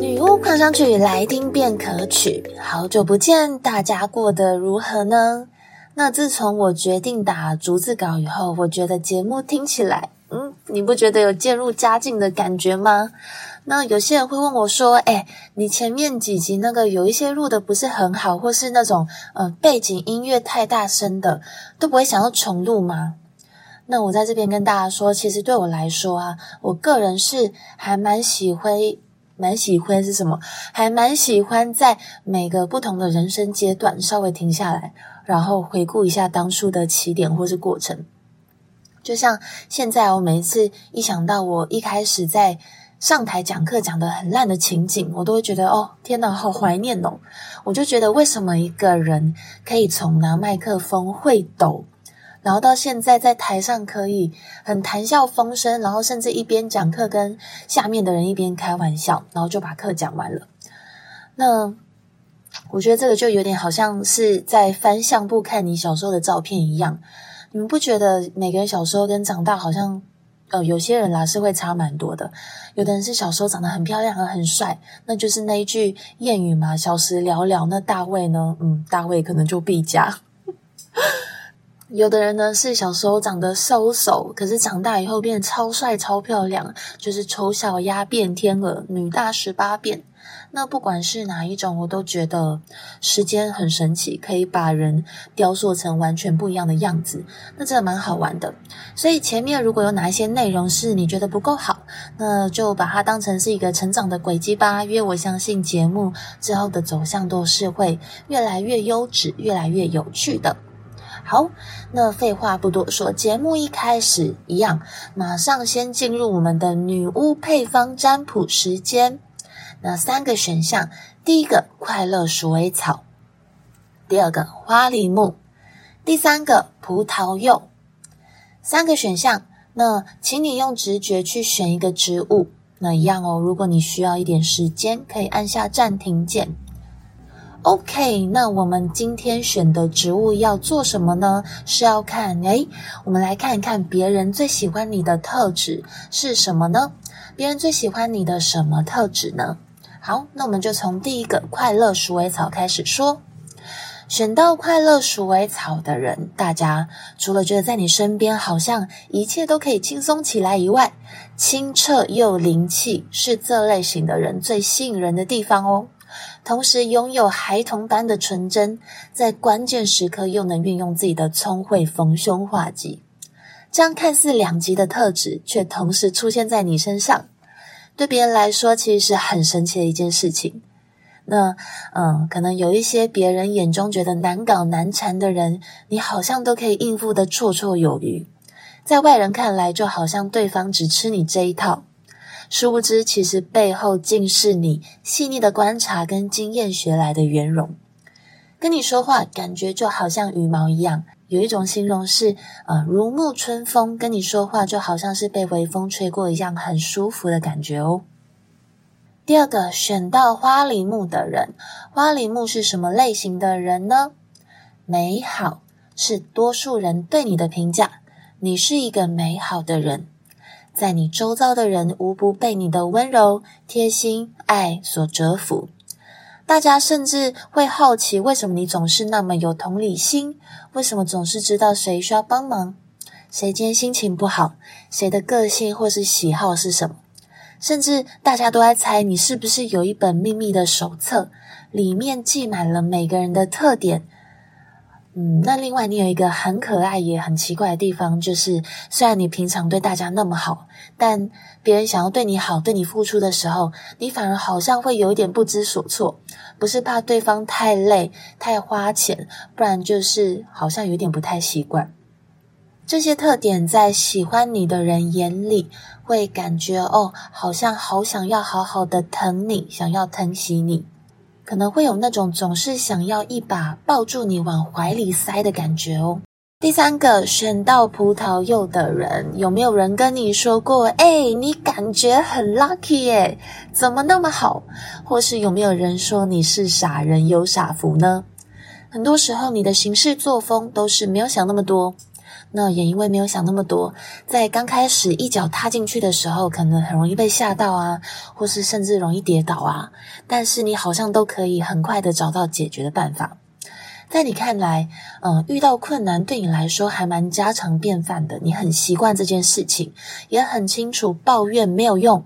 女巫狂想曲來聽便可取，好久不見，大家過得如何呢？那自從我決定打逐字稿以後，我覺得節目聽起來，嗯，你不覺得有漸入佳境的感覺嗎？那有些人會問我說：“誒、哎，你前面幾集那個有一些錄的不是很好，或是那種呃背景音樂太大聲的，都不會想要重錄嗎？”那我在這邊跟大家說，其實對我來說啊，我個人是還蠻喜歡，蠻喜歡是什麼？還蠻喜歡在每個不同的人生階段稍微停下來，然後回顧一下當初的起點或是過程。就像現在，我每一次一想到我一開始在上台講課講得很爛的情景，我都會覺得哦，天哪，好懷念哦！我就覺得為什麼一個人可以從拿麥克風會抖，然後到現在在台上可以很談笑風生，然後甚至一邊講課跟下面的人一邊開玩笑，然後就把課講完了。那我覺得這個就有點好像是在翻相簿看你小時候的照片一樣，你們不覺得每個人小時候跟長大好像？呃、哦，有些人啦是會差蠻多的，有的人是小時候長得很漂亮啊，很帥，那就是那一句諺語嘛，小時了了，那大未呢，嗯，大未可能就必佳， 有的人呢是小時候長得瘦瘦，可是長大以後變得超帥超漂亮，就是醜小鴨變天鵝，女大十八變。那不管是哪一種，我都覺得時間很神奇，可以把人雕塑成完全不一樣的樣子。那真的蠻好玩的。所以前面如果有哪一些內容是你覺得不夠好，那就把它當成是一個成長的軌跡吧。因為我相信節目之後的走向都是會越來越優質、越來越有趣的。好，那廢話不多說，節目一開始一樣，馬上先進入我們的女巫配方占卜時間。那三個選項，第一個快樂鼠尾草，第二個花梨木，第三個葡萄柚。三個選項，那請你用直覺去選一個植物。那一樣哦，如果你需要一點時間，可以按下暫停鍵。OK，那我們今天選的植物要做什麼呢？是要看，哎，我們來看一看別人最喜歡你的特質是什麼呢？別人最喜歡你的什麼特質呢？好，那我們就從第一個快樂鼠尾草開始說。選到快樂鼠尾草的人，大家除了覺得在你身邊好像一切都可以輕鬆起來以外，清澈又靈氣是這類型的人最吸引人的地方哦。同時擁有孩童般的純真，在關鍵時刻又能運用自己的聰慧逢凶化吉。這樣看似兩極的特質，卻同時出現在你身上。對別人來說，其實是很神奇的一件事情。那，嗯，可能有一些別人眼中覺得難搞難纏的人，你好像都可以應付得綽綽有餘。在外人看來，就好像對方只吃你這一套，殊不知其實背後竟是你細膩的觀察跟經驗學來的圓融。跟你說話，感覺就好像羽毛一樣。有一種形容是，呃，如沐春風，跟你說話就好像是被微風吹過一樣，很舒服的感覺哦。第二個，選到花梨木的人，花梨木是什麼類型的人呢？美好是多數人對你的評價，你是一個美好的人，在你周遭的人無不被你的溫柔、貼心、愛所折服。大家甚至會好奇，為什麼你總是那麼有同理心？為什麼總是知道誰需要幫忙？誰今天心情不好？誰的個性或是喜好是什麼？甚至大家都在猜，你是不是有一本秘密的手冊，裡面記滿了每個人的特點？嗯，那另外你有一個很可愛也很奇怪的地方，就是雖然你平常對大家那麼好，但別人想要對你好，對你付出的時候，你反而好像會有一點不知所措，不是怕對方太累、太花錢，不然就是好像有點不太習慣。這些特點在喜歡你的人眼裡，會感覺哦，好像好想要好好的疼你，想要疼惜你。可能會有那種總是想要一把抱住你往懷裡塞的感覺哦。第三個選到葡萄柚的人，有沒有人跟你說過？哎，你感覺很 lucky 哎，怎麼那麼好？或是有沒有人說你是傻人有傻福呢？很多時候你的行事作風都是沒有想那麼多。那也因為沒有想那麼多，在剛開始一腳踏進去的時候，可能很容易被嚇到啊，或是甚至容易跌倒啊。但是你好像都可以很快的找到解決的辦法，在你看來，嗯、呃，遇到困難對你來說還蠻家常便飯的，你很習慣這件事情，也很清楚抱怨沒有用，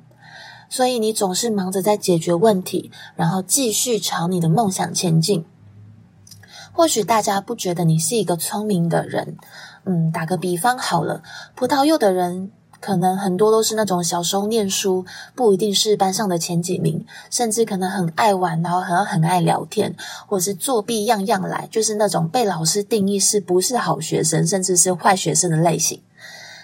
所以你總是忙着在解決問題，然後繼續朝你的夢想前進。或許大家不覺得你是一個聰明的人。嗯，打個比方好了，葡萄柚的人可能很多都是那種小時候念書，不一定是班上的前幾名，甚至可能很愛玩，然後很很愛聊天、或是作弊，樣樣來，就是那種被老師定義是不是好學生，甚至是壞學生的類型。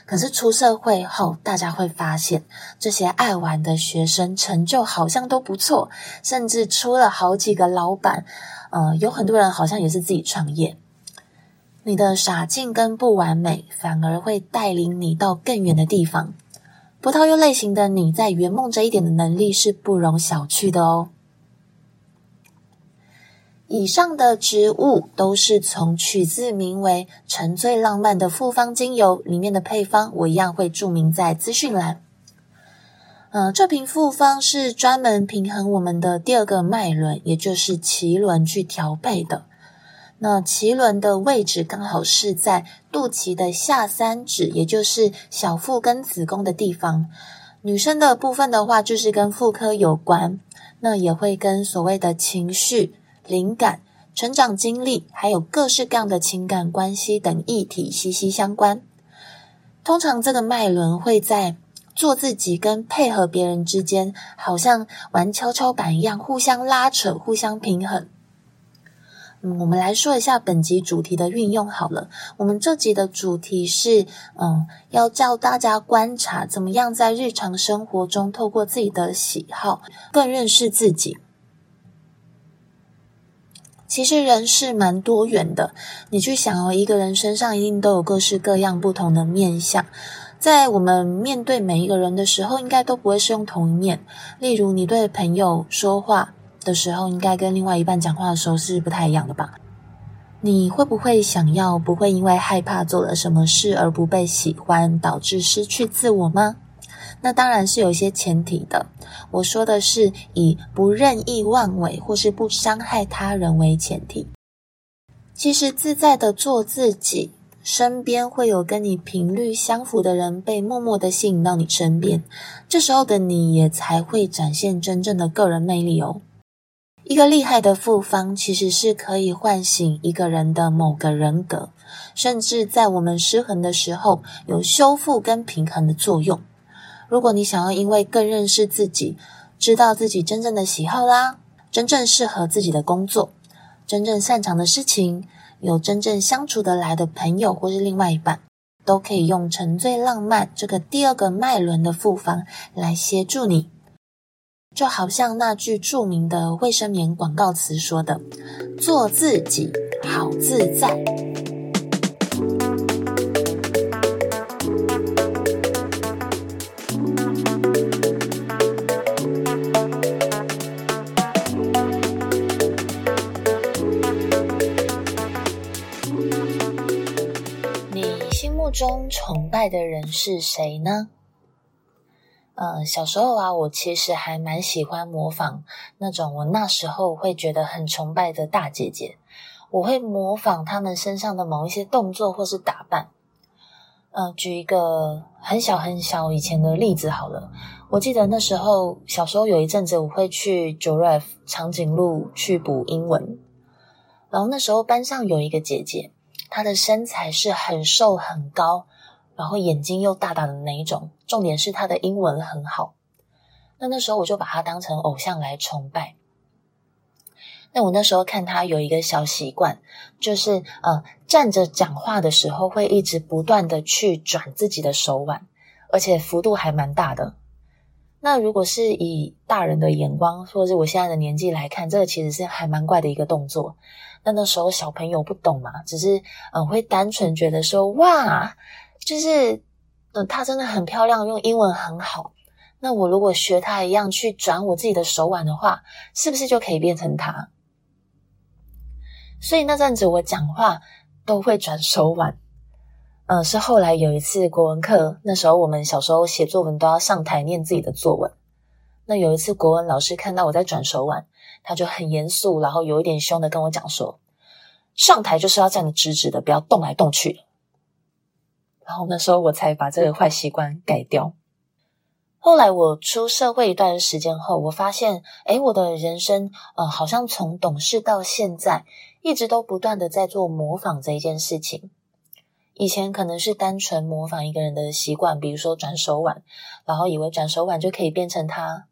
可是出社會後，大家會發現這些愛玩的學生成就好像都不錯，甚至出了好幾個老闆。嗯、呃，有很多人好像也是自己創業。你的傻勁跟不完美，反而會帶領你到更遠的地方。葡萄柚類型的你在圓夢這一點的能力是不容小覷的哦。以上的植物都是從取自名為“橙醉浪漫”的複方精油裡面的配方，我一樣會注明在資訊欄。嗯、呃，這瓶複方是專門平衡我們的第二個脈輪，也就是臍輪，去調配的。那臍輪的位置剛好是在肚臍的下三指，也就是小腹跟子宮的地方。女生的部分的話，就是跟婦科有關，那也會跟所謂的情緒、靈感、成長經歷，還有各式各樣的情感關係等議題息息相關。通常這個脈輪會在做自己跟配合別人之間，好像玩蹺蹺板一樣，互相拉扯，互相平衡。嗯，我們來說一下本集主題的運用好了。我們這集的主題是，嗯，要教大家觀察怎麼樣在日常生活中透過自己的喜好更認識自己。其實人是蠻多元的，你去想哦，一個人身上一定都有各式各樣不同的面相。在我們面對每一個人的時候，應該都不會是用同一面。例如，你對朋友說話。的時候，應該跟另外一半講話的時候是不太一樣的吧？你會不會想要不會因為害怕做了什麼事而不被喜歡，導致失去自我嗎？那當然是有一些前提的。我說的是以不任意妄為或是不傷害他人為前提。其實自在的做自己，身邊會有跟你頻率相符的人被默默的吸引到你身邊，這時候的你也才會展現真正的個人魅力哦。一個厲害的複方其實是可以喚醒一個人的某個人格，甚至在我們失衡的時候有修復跟平衡的作用。如果你想要因為更認識自己，知道自己真正的喜好啦，真正適合自己的工作，真正擅長的事情，有真正相處得來的朋友或是另外一半，都可以用橙醉浪漫這個第二個脈輪的複方來協助你。就好像那句著名的衛生棉廣告詞說的：“做自己，好自在。” 你心目中崇拜的人是誰呢？呃，小時候啊，我其實還蠻喜歡模仿那種我那時候會覺得很崇拜的大姐姐。我會模仿她們身上的某一些動作或是打扮。呃，舉一個很小很小以前的例子好了。我記得那時候小時候有一陣子，我會去 Giraffe 長頸鹿去補英文。然後那時候班上有一個姐姐，她的身材是很瘦很高。然後眼睛又大大的那一種，重點是他的英文很好。那那時候我就把他當成偶像來崇拜。那我那時候看他有一個小習慣，就是呃站着講話的時候會一直不斷的去轉自己的手腕，而且幅度還蠻大的。那如果是以大人的眼光，或者是我現在的年紀來看，這個其實是還蠻怪的一個動作。那那時候小朋友不懂嘛，只是呃會單純覺得說哇。就是，嗯、呃，她真的很漂亮，用英文很好。那我如果學她一樣去轉我自己的手腕的話，是不是就可以變成她？所以那陣子我講話都會轉手腕。嗯、呃，是後來有一次國文課，那時候我們小時候寫作文都要上台念自己的作文。那有一次國文老師看到我在轉手腕，他就很嚴肅，然後有一點凶的跟我講說：“上台就是要站得直直的，不要動來動去。”然後那時候我才把這個壞習慣改掉。後來我出社會一段時間後，我發現，誒，我的人生，呃，好像從懂事到現在，一直都不斷的在做模仿這一件事情。以前可能是單純模仿一個人的習慣，比如說轉手腕，然後以為轉手腕就可以變成他。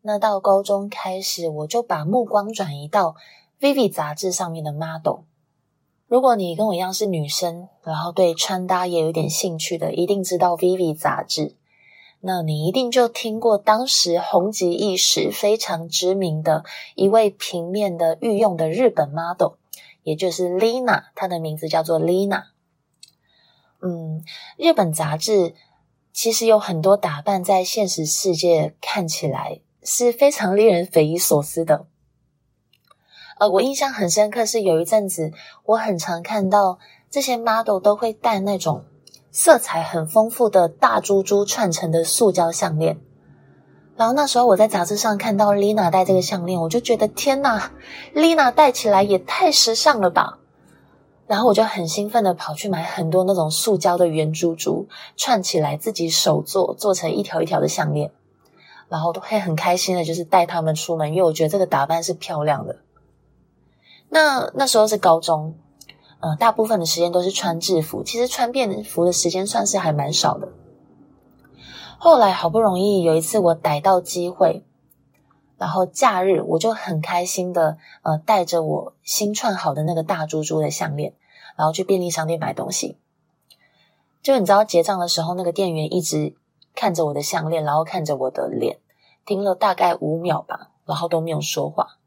那到高中開始，我就把目光轉移到 Vivi 雜誌上面的 model。如果你跟我一樣是女生，然後對穿搭也有點興趣的，一定知道 Vivi 雜誌。那你一定就聽過當時紅極一時、非常知名的一位平面的御用的日本 model，也就是 Lina，她的名字叫做 Lina。嗯，日本雜誌其實有很多打扮，在現實世界看起來是非常令人匪夷所思的。呃，我印象很深刻是有一陣子，我很常看到這些 model 都會戴那種色彩很豐富的大珠珠串成的塑膠項鏈。然後那時候我在雜誌上看到 Lina 戴這個項鏈，我就覺得天吶，Lina 戴起來也太時尚了吧！然後我就很興奮的跑去買很多那種塑膠的圓珠珠串起來自己手做，做成一條一條的項鏈，然後都會很開心的就是帶他們出門，因為我覺得這個打扮是漂亮的。那那時候是高中，呃，大部分的時間都是穿制服，其實穿便服的時間算是還蠻少的。後來好不容易有一次我逮到機會，然後假日我就很開心的呃，帶着我新串好的那個大珠珠的項鏈然後去便利商店買東西。就你知道結賬的時候，那個店員一直看着我的項鏈然後看着我的臉，盯了大概五秒吧，然後都沒有說話。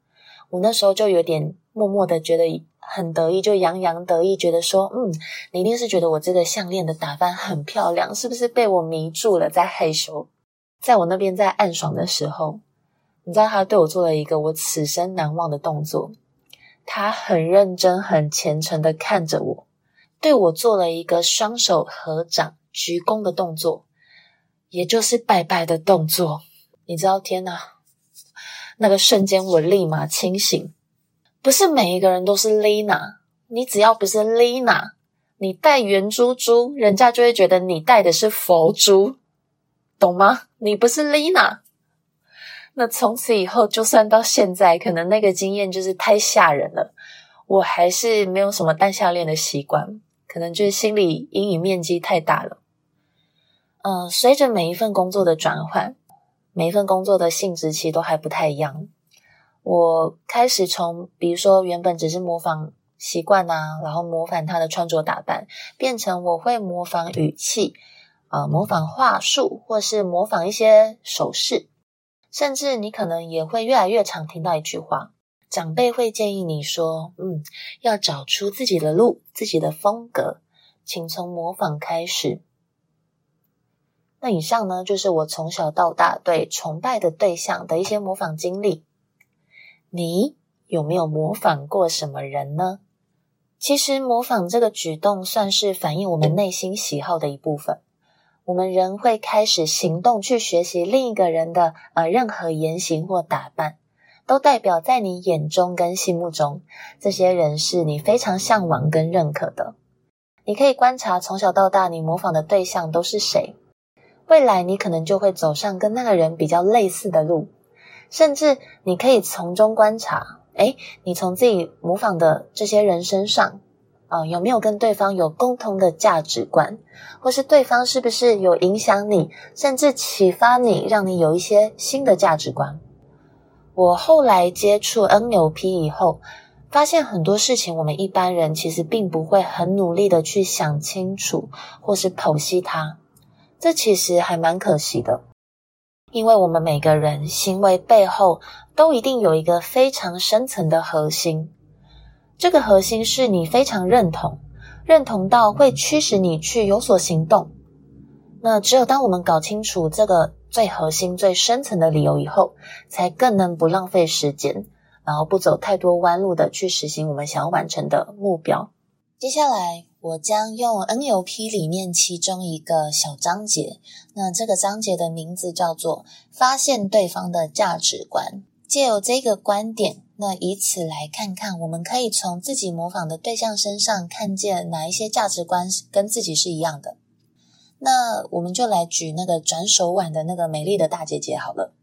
我那時候就有點默默的覺得很得意，就洋洋得意，覺得說：“嗯，你一定是覺得我這個項鏈的打扮很漂亮，是不是被我迷住了，在害羞。”在我那邊在暗爽的時候，你知道他對我做了一個我此生難忘的動作，他很認真、很虔誠的看着我，對我做了一個雙手合掌、鞠躬的動作，也就是拜拜的動作。你知道，天哪！那個瞬間，我立馬清醒。不是每一個人都是 Lina，你只要不是 Lina，你戴圓珠珠，人家就會覺得你戴的是佛珠，懂嗎？你不是 Lina，那從此以後，就算到現在，可能那個經驗就是太嚇人了，我還是沒有什麼戴項鏈的習慣，可能就是心理陰影面積太大了。嗯、呃，隨着每一份工作的轉換。每一份工作的性質其實都還不太一樣。我開始從，比如說原本只是模仿習慣吶、啊，然後模仿他的穿着打扮，變成我會模仿語氣啊、呃，模仿話術，或是模仿一些手勢。甚至你可能也會越來越常聽到一句話，長輩會建議你說：“嗯，要找出自己的路，自己的風格，請從模仿開始。”那以上呢，就是我從小到大對崇拜的對象的一些模仿經歷。你有沒有模仿過什麼人呢？其實模仿這個舉動，算是反映我們內心喜好的一部分。我們人會開始行動去學習另一個人的啊、呃，任何言行或打扮，都代表在你眼中跟心目中，這些人是你非常向往跟認可的。你可以觀察從小到大你模仿的對象都是誰。未來你可能就會走上跟那個人比較類似的路，甚至你可以從中觀察，誒你從自己模仿的這些人身上，啊、呃，有沒有跟對方有共同的價值觀，或是對方是不是有影響你，甚至啟發你，讓你有一些新的價值觀。我後來接觸 NLP 以後，發現很多事情我們一般人其實並不會很努力的去想清楚，或是剖析它。這其實還蠻可惜的，因為我們每個人行為背後都一定有一個非常深層的核心，這個核心是你非常認同，認同到會驅使你去有所行動。那只有當我們搞清楚這個最核心、最深層的理由以後，才更能不浪費時間，然後不走太多彎路的去實行我們想要完成的目標。接下來。我將用 NLP 裡面其中一個小章節，那這個章節的名字叫做“發現對方的價值觀”。借由這個觀點，那以此來看看，我們可以從自己模仿的對象身上看見哪一些價值觀跟自己是一樣的。那我們就來舉那個轉手腕的那個美麗的大姐姐好了。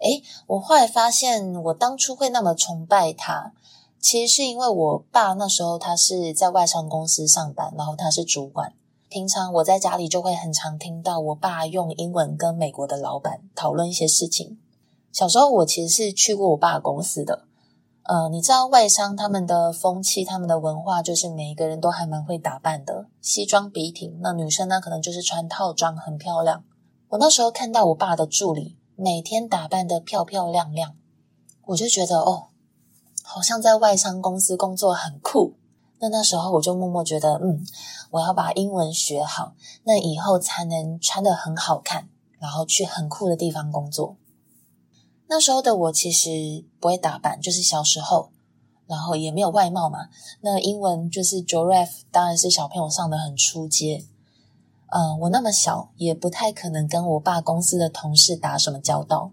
哎，我後來發現，我當初會那麼崇拜她。其實是因為我爸那時候他是在外商公司上班，然後他是主管。平常我在家裡就會很常聽到我爸用英文跟美國的老闆討論一些事情。小時候我其實是去過我爸的公司的，呃，你知道外商他們的風氣、他們的文化，就是每一個人都還蠻會打扮的，西裝筆挺。那女生呢，可能就是穿套裝，很漂亮。我那時候看到我爸的助理每天打扮得漂漂亮亮，我就覺得哦。好像在外商公司工作很酷，那那時候我就默默覺得，嗯，我要把英文學好，那以後才能穿得很好看，然後去很酷的地方工作。那時候的我其實不會打扮，就是小時候，然後也沒有外貌嘛。那英文就是 Giraffe，當然是小朋友上得很初階。嗯，呃，我那麼小，也不太可能跟我爸公司的同事打什麼交道。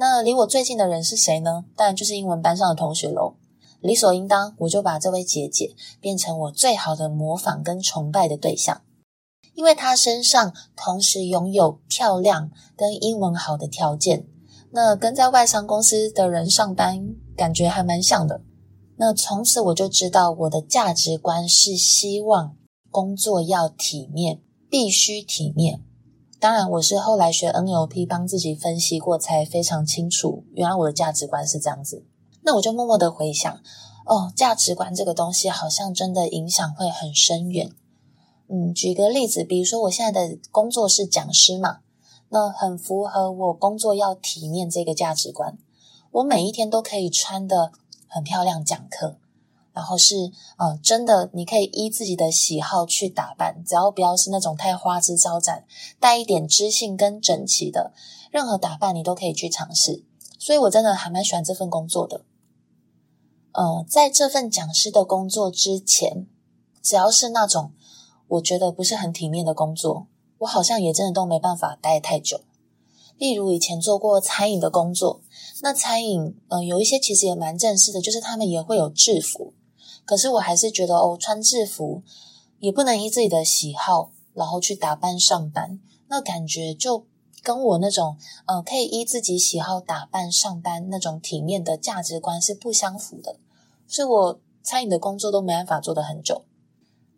那離我最近的人是誰呢？當然就是英文班上的同學囉。理所應當，我就把這位姐姐變成我最好的模仿跟崇拜的對象，因為她身上同時擁有漂亮跟英文好的條件。那跟在外商公司的人上班，感覺還蠻像的。那從此我就知道，我的價值觀是希望工作要體面，必須體面。當然，我是後來學 NLP 幫自己分析過，才非常清楚，原來我的價值觀是這樣子。那我就默默的回想，哦，價值觀這個東西好像真的影響會很深遠。嗯，舉個例子，比如說我現在的工作是講師嘛，那很符合我工作要體面這個價值觀，我每一天都可以穿的很漂亮講課。然後是呃，真的，你可以依自己的喜好去打扮，只要不要是那種太花枝招展，帶一點知性跟整齊的任何打扮，你都可以去嘗試。所以，我真的還蠻喜歡這份工作的。呃，在這份講師的工作之前，只要是那種我覺得不是很體面的工作，我好像也真的都沒辦法待太久。例如以前做過餐飲的工作，那餐飲呃，有一些其實也蠻正式的，就是他們也會有制服。可是我還是覺得哦，穿制服也不能依自己的喜好，然後去打扮上班，那感覺就跟我那種呃，可以依自己喜好打扮上班那種體面的價值觀是不相符的，所以我餐飲的工作都沒辦法做得很久。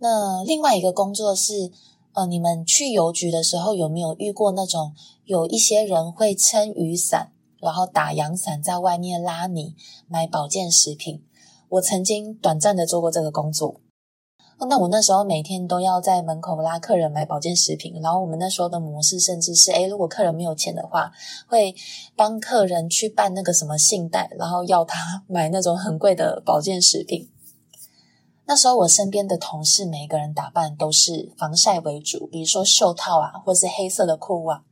那另外一個工作是，呃，你們去郵局的時候有沒有遇過那種有一些人會撐雨傘，然後打陽傘在外面拉你買保健食品？我曾經短暫的做過這個工作，那我那時候每天都要在門口拉客人買保健食品，然後我們那時候的模式甚至是，誒，如果客人沒有錢的話，會幫客人去辦那個什麼信貸，然後要他買那種很貴的保健食品。那時候我身邊的同事每一個人打扮都是防曬為主，比如說袖套啊，或是黑色的褲襪啊。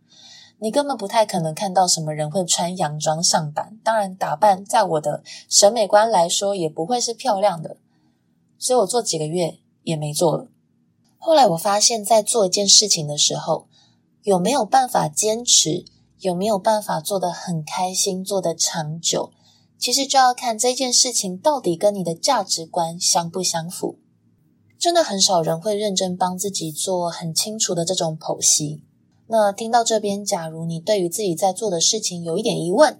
你根本不太可能看到什麼人會穿洋裝上班，當然打扮，在我的審美觀來說，也不會是漂亮的。所以我做幾個月也沒做了。後來我發現，在做一件事情的時候，有沒有辦法堅持，有沒有辦法做得很開心、做得長久，其實就要看這件事情到底跟你的價值觀相不相符。真的很少人會認真幫自己做很清楚的這種剖析。那聽到這邊，假如你對於自己在做的事情有一點疑問，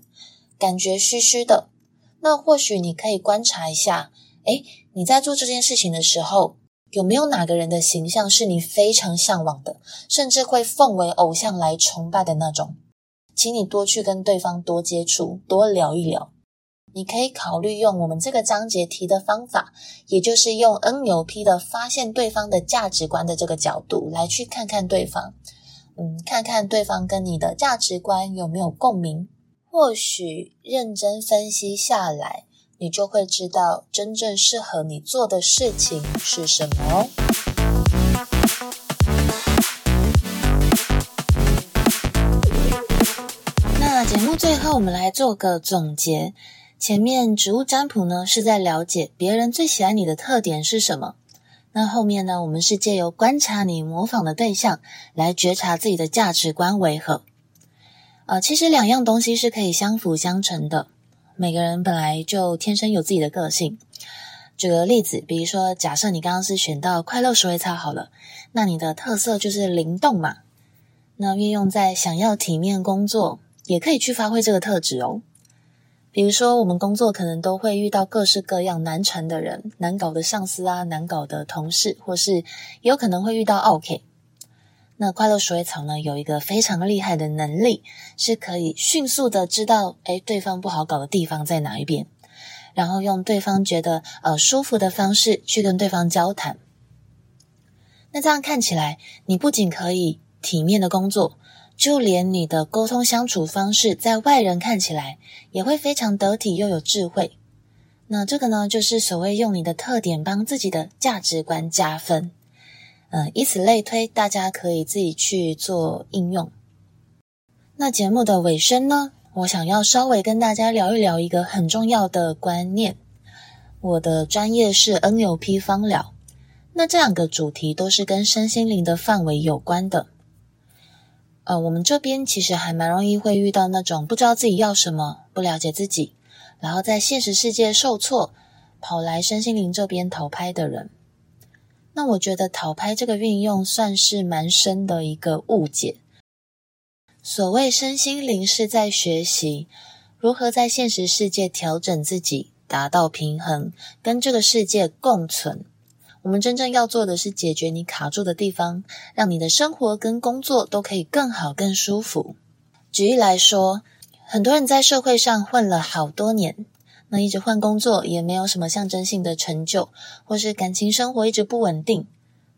感覺虛虛的，那或許你可以觀察一下，哎，你在做這件事情的時候，有沒有哪個人的形象是你非常嚮往的，甚至會奉為偶像來崇拜的那種？請你多去跟對方多接觸，多聊一聊。你可以考慮用我們這個章節提的方法，也就是用 NLP 的發現對方的價值觀的這個角度來去看看對方。嗯，看看對方跟你的價值觀有沒有共鳴，或許認真分析下來，你就會知道真正適合你做的事情是什麼哦。那節目最後，我們來做個總結。前面植物占卜呢，是在了解別人最喜歡你的特點是什麼。那後面呢？我們是借由觀察你模仿的對象，來覺察自己的價值觀為何。呃，其實兩樣東西是可以相輔相成的。每個人本來就天生有自己的個性。舉個例子，比如說，假設你剛剛是選到快樂鼠尾草好了，那你的特色就是靈動嘛。那運用在想要體面工作，也可以去發揮這個特質哦。比如說，我們工作可能都會遇到各式各樣難纏的人、難搞的上司啊、難搞的同事，或是有可能會遇到 OK。那快樂鼠尾草呢，有一個非常厲害的能力，是可以迅速的知道，哎，對方不好搞的地方在哪一邊，然後用對方覺得呃舒服的方式去跟對方交談。那這樣看起來，你不僅可以體面的工作。就連你的溝通相處方式，在外人看起來也會非常得體又有智慧。那這個呢，就是所謂用你的特點幫自己的價值觀加分。嗯、呃，以此類推，大家可以自己去做應用。那節目的尾聲呢，我想要稍微跟大家聊一聊一個很重要的觀念。我的專業是 NLP 芳療。那這兩個主題都是跟身心靈的範圍有關的。呃，我們這邊其實還蠻容易會遇到那種不知道自己要什麼、不了解自己，然後在現實世界受挫，跑來身心靈這邊討拍的人。那我覺得討拍這個運用算是蠻深的一個誤解。所謂身心靈是在學習如何在現實世界調整自己，達到平衡，跟這個世界共存。我們真正要做的是解決你卡住的地方，讓你的生活跟工作都可以更好、更舒服。舉例來說，很多人在社會上混了好多年，那一直換工作也沒有什麼象徵性的成就，或是感情生活一直不穩定。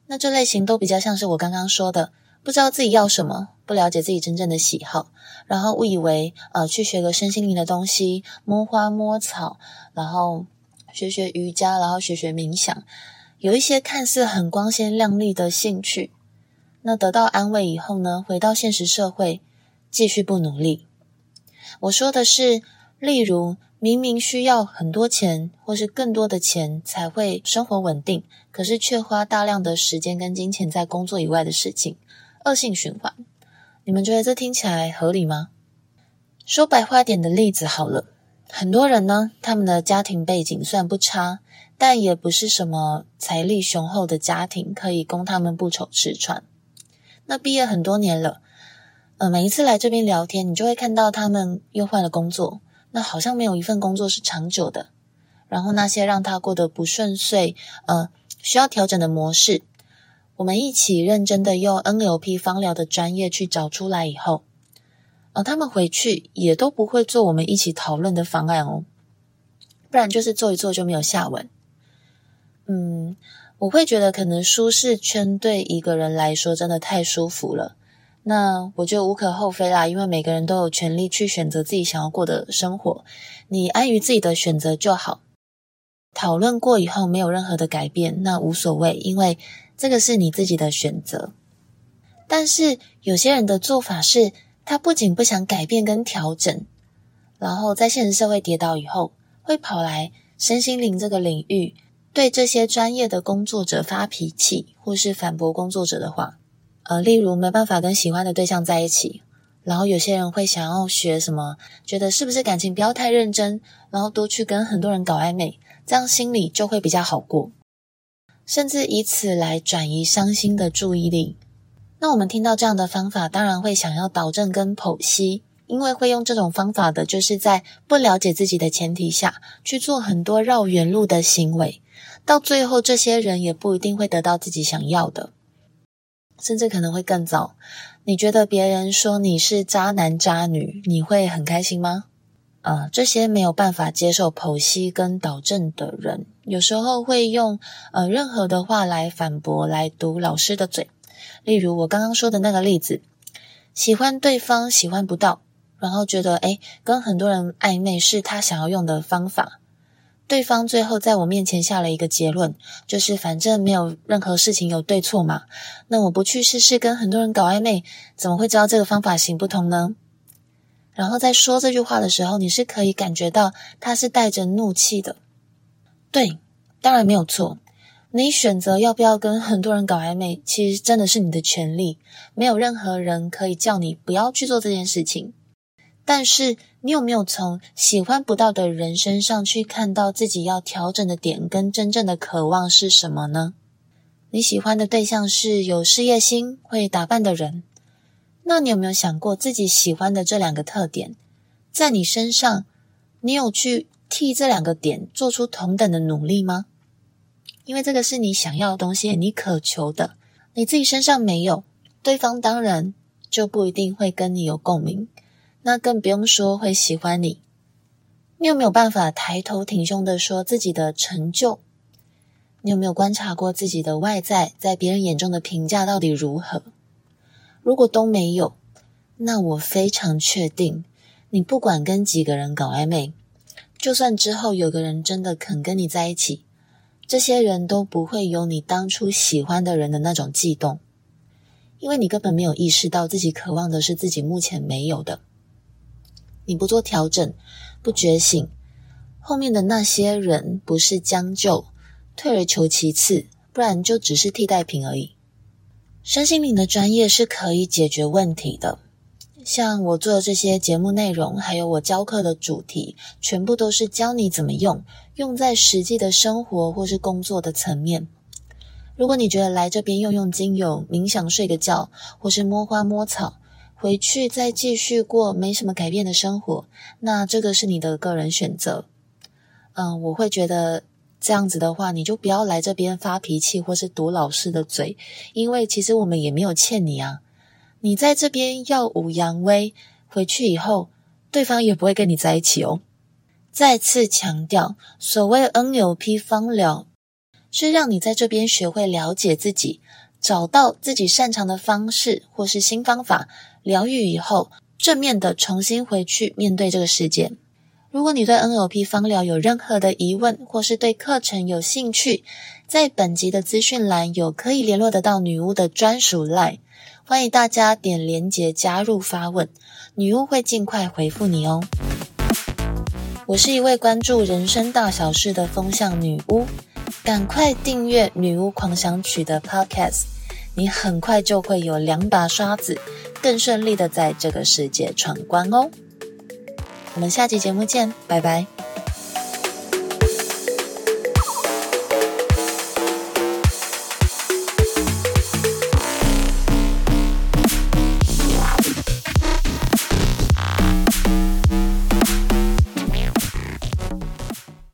那這類型都比較像是我剛剛說的，不知道自己要什麼，不了解自己真正的喜好，然後誤以為呃去學個身心靈的東西，摸花摸草，然後學學瑜伽，然後學學冥想。有一些看似很光鮮亮麗的興趣，那得到安慰以後呢？回到現實社會，繼續不努力。我說的是，例如明明需要很多錢，或是更多的錢才會生活穩定，可是卻花大量的時間跟金錢在工作以外的事情，惡性循環。你們覺得這聽起來合理嗎？說白話點的例子好了。很多人呢，他們的家庭背景雖然不差，但也不是什麼財力雄厚的家庭，可以供他們不愁吃穿。那畢業很多年了，呃，每一次來這邊聊天，你就會看到他們又換了工作。那好像沒有一份工作是長久的。然後那些讓他過得不順遂，呃，需要調整的模式，我們一起認真的用 NLP 芳療的專業去找出來以後。而、哦，他們回去也都不會做我們一起討論的方案哦，不然就是做一做就沒有下文。嗯，我會覺得可能舒適圈對一個人來說真的太舒服了，那我就無可厚非啦，因為每個人都有權利去選擇自己想要過的生活，你安於自己的選擇就好。討論過以後沒有任何的改變，那無所謂，因為這個是你自己的選擇。但是有些人的做法是，他不僅不想改變跟調整，然後在現實社會跌倒以後，會跑來身心靈這個領域，對這些專業的工作者發脾氣，或是反駁工作者的話，呃，例如沒辦法跟喜歡的對象在一起，然後有些人會想要學什麼，覺得是不是感情不要太認真，然後多去跟很多人搞曖昧，這樣心裡就會比較好過，甚至以此來轉移傷心的注意力。那我們聽到這樣的方法，當然會想要導正跟剖析，因為會用這種方法的，就是在不了解自己的前提下去做很多繞遠路的行為，到最後這些人也不一定會得到自己想要的，甚至可能會更糟。你覺得別人說你是渣男渣女，你會很開心嗎？呃，這些沒有辦法接受剖析跟導正的人，有時候會用呃任何的話來反駁，來堵老師的嘴。例如我剛剛說的那個例子，喜歡對方喜歡不到，然後覺得誒跟很多人曖昧是他想要用的方法。對方最後在我面前下了一個結論，就是反正沒有任何事情有對錯嘛。那我不去試試跟很多人搞曖昧，怎麼會知道這個方法行不通呢？然後在說這句話的時候，你是可以感覺到他是帶着怒氣的。對，當然沒有錯。你選擇要不要跟很多人搞曖昧，其實真的是你的權利，沒有任何人可以叫你不要去做這件事情。但是，你有沒有從喜歡不到的人身上去看到自己要調整的點跟真正的渴望是什麼呢？你喜歡的對象是有事業心、會打扮的人，那你有沒有想過自己喜歡的這兩個特點，在你身上，你有去替這兩個點做出同等的努力嗎？因為這個是你想要的東西，你渴求的，你自己身上沒有，對方當然就不一定會跟你有共鳴，那更不用說會喜歡你。你有沒有辦法抬頭挺胸的說自己的成就？你有沒有觀察過自己的外在，在別人眼中的評價到底如何？如果都沒有，那我非常確定，你不管跟幾個人搞曖昧，就算之後有個人真的肯跟你在一起。這些人都不會有你當初喜歡的人的那種悸動，因為你根本沒有意識到自己渴望的是自己目前沒有的。你不做調整，不覺醒，後面的那些人不是將就，退而求其次，不然就只是替代品而已。身心靈的專業是可以解決問題的。像我做的這些節目內容，還有我教課的主題，全部都是教你怎麼用，用在實際的生活或是工作的層面。如果你覺得來這邊用用精油、冥想、睡個覺，或是摸花摸草，回去再繼續過沒什麼改變的生活，那這個是你的個人選擇。嗯，我會覺得這樣子的話，你就不要來這邊發脾氣或是堵老師的嘴，因為其實我們也沒有欠你啊。你在這邊耀武揚威，回去以後，對方也不會跟你在一起哦。再次強調，所謂 NLP 芳療，是讓你在這邊學會了解自己，找到自己擅長的方式或是新方法，療癒以後，正面的重新回去面對這個世界。如果你對 NLP 芳療有任何的疑問，或是對課程有興趣，在本集的資訊欄有可以聯絡得到女巫的專屬 Line。歡迎大家點鏈接加入發問，女巫會盡快回覆你哦。我是一位關注人生大小事的風向女巫，趕快訂閱《女巫狂想曲》的 Podcast，你很快就會有兩把刷子，更順利的在這個世界闖關哦。我們下期節目見，拜拜。